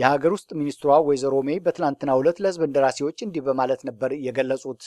የሀገር ውስጥ ሚኒስትሯ ወይዘሮ ሜይ በትናንትና ዕለት ለህዝብ እንደራሴዎች እንዲህ በማለት ነበር የገለጹት።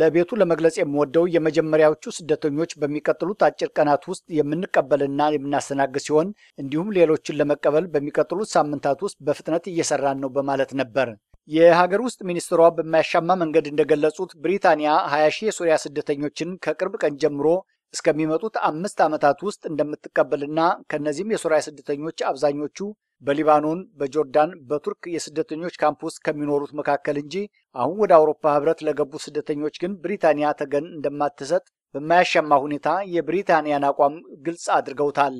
ለቤቱ ለመግለጽ የምወደው የመጀመሪያዎቹ ስደተኞች በሚቀጥሉት አጭር ቀናት ውስጥ የምንቀበልና የምናስተናግድ ሲሆን እንዲሁም ሌሎችን ለመቀበል በሚቀጥሉት ሳምንታት ውስጥ በፍጥነት እየሰራን ነው በማለት ነበር። የሀገር ውስጥ ሚኒስትሯ በማያሻማ መንገድ እንደገለጹት ብሪታንያ 20 ሺህ የሶሪያ ስደተኞችን ከቅርብ ቀን ጀምሮ እስከሚመጡት አምስት ዓመታት ውስጥ እንደምትቀበልና ከእነዚህም የሶሪያ ስደተኞች አብዛኞቹ በሊባኖን፣ በጆርዳን፣ በቱርክ የስደተኞች ካምፕ ውስጥ ከሚኖሩት መካከል እንጂ አሁን ወደ አውሮፓ ህብረት ለገቡ ስደተኞች ግን ብሪታንያ ተገን እንደማትሰጥ በማያሻማ ሁኔታ የብሪታንያን አቋም ግልጽ አድርገውታል።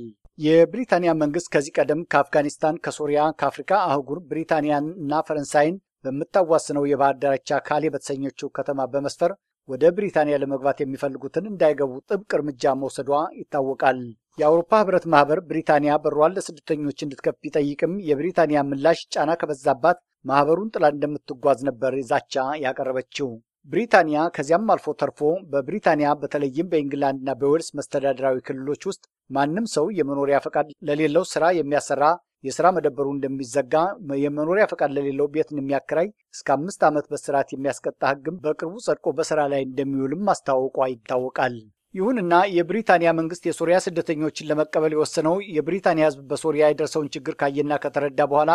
የብሪታንያ መንግስት ከዚህ ቀደም ከአፍጋኒስታን፣ ከሶሪያ፣ ከአፍሪካ አህጉር ብሪታንያን እና ፈረንሳይን በምታዋስነው የባህር ዳርቻ ካሌ በተሰኘችው ከተማ በመስፈር ወደ ብሪታንያ ለመግባት የሚፈልጉትን እንዳይገቡ ጥብቅ እርምጃ መውሰዷ ይታወቃል። የአውሮፓ ህብረት ማህበር ብሪታንያ በሯን ለስደተኞች እንድትከፍት ቢጠይቅም የብሪታንያ ምላሽ ጫና ከበዛባት ማህበሩን ጥላ እንደምትጓዝ ነበር ዛቻ ያቀረበችው። ብሪታንያ ከዚያም አልፎ ተርፎ በብሪታንያ በተለይም በኢንግላንድና በዌልስ መስተዳድራዊ ክልሎች ውስጥ ማንም ሰው የመኖሪያ ፈቃድ ለሌለው ስራ የሚያሰራ የስራ መደበሩ እንደሚዘጋ የመኖሪያ ፈቃድ ለሌለው ቤት የሚያከራይ እስከ አምስት ዓመት በስርዓት የሚያስቀጣ ህግም በቅርቡ ጸድቆ በስራ ላይ እንደሚውልም ማስታወቋ ይታወቃል። ይሁንና የብሪታንያ መንግስት የሶሪያ ስደተኞችን ለመቀበል የወሰነው የብሪታንያ ህዝብ በሶሪያ የደረሰውን ችግር ካየና ከተረዳ በኋላ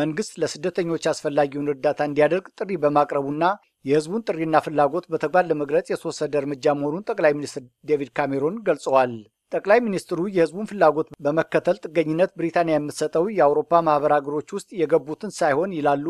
መንግስት ለስደተኞች አስፈላጊውን እርዳታ እንዲያደርግ ጥሪ በማቅረቡና የህዝቡን ጥሪና ፍላጎት በተግባር ለመግለጽ የተወሰደ እርምጃ መሆኑን ጠቅላይ ሚኒስትር ዴቪድ ካሜሮን ገልጸዋል። ጠቅላይ ሚኒስትሩ የህዝቡን ፍላጎት በመከተል ጥገኝነት ብሪታንያ የምትሰጠው የአውሮፓ ማህበር ሀገሮች ውስጥ የገቡትን ሳይሆን ይላሉ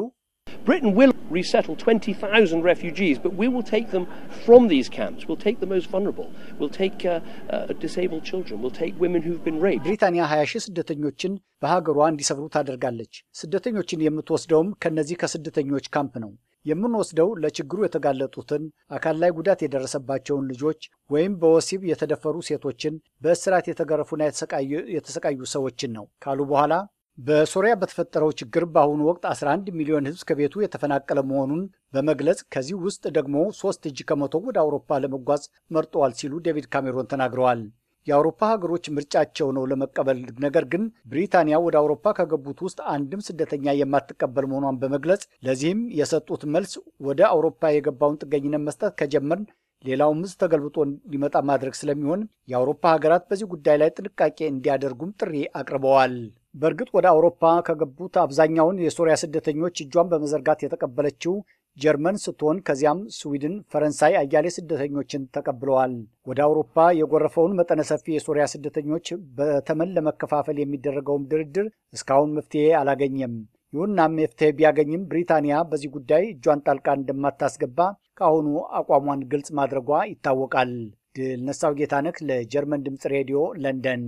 Britain will resettle 20,000 refugees, but we will take them from these camps. We'll take the most vulnerable. We'll take uh, uh, disabled children. We'll take women who've been raped. ብሪታንያ 20 ሺህ ስደተኞችን በሀገሯ እንዲሰፍሩ ታደርጋለች። ስደተኞችን የምትወስደውም ከነዚህ ከስደተኞች ካምፕ ነው። የምንወስደው ለችግሩ የተጋለጡትን አካል ላይ ጉዳት የደረሰባቸውን ልጆች ወይም በወሲብ የተደፈሩ ሴቶችን በእስራት የተገረፉና የተሰቃዩ ሰዎችን ነው ካሉ በኋላ በሶሪያ በተፈጠረው ችግር በአሁኑ ወቅት 11 ሚሊዮን ሕዝብ ከቤቱ የተፈናቀለ መሆኑን በመግለጽ ከዚህ ውስጥ ደግሞ ሶስት እጅ ከመቶ ወደ አውሮፓ ለመጓዝ መርጠዋል ሲሉ ዴቪድ ካሜሮን ተናግረዋል። የአውሮፓ ሀገሮች ምርጫቸው ነው ለመቀበል። ነገር ግን ብሪታንያ ወደ አውሮፓ ከገቡት ውስጥ አንድም ስደተኛ የማትቀበል መሆኗን በመግለጽ ለዚህም የሰጡት መልስ ወደ አውሮፓ የገባውን ጥገኝነት መስጠት ከጀመርን ሌላው ምዝ ተገልብጦ እንዲመጣ ማድረግ ስለሚሆን የአውሮፓ ሀገራት በዚህ ጉዳይ ላይ ጥንቃቄ እንዲያደርጉም ጥሪ አቅርበዋል። በእርግጥ ወደ አውሮፓ ከገቡት አብዛኛውን የሶሪያ ስደተኞች እጇን በመዘርጋት የተቀበለችው ጀርመን ስትሆን ከዚያም ስዊድን፣ ፈረንሳይ አያሌ ስደተኞችን ተቀብለዋል። ወደ አውሮፓ የጎረፈውን መጠነ ሰፊ የሶሪያ ስደተኞች በተመን ለመከፋፈል የሚደረገውም ድርድር እስካሁን መፍትሄ አላገኘም። ይሁናም መፍትሄ ቢያገኝም ብሪታንያ በዚህ ጉዳይ እጇን ጣልቃ እንደማታስገባ ከአሁኑ አቋሟን ግልጽ ማድረጓ ይታወቃል። ድል ነሳው ጌታነክ ለጀርመን ድምፅ ሬዲዮ ለንደን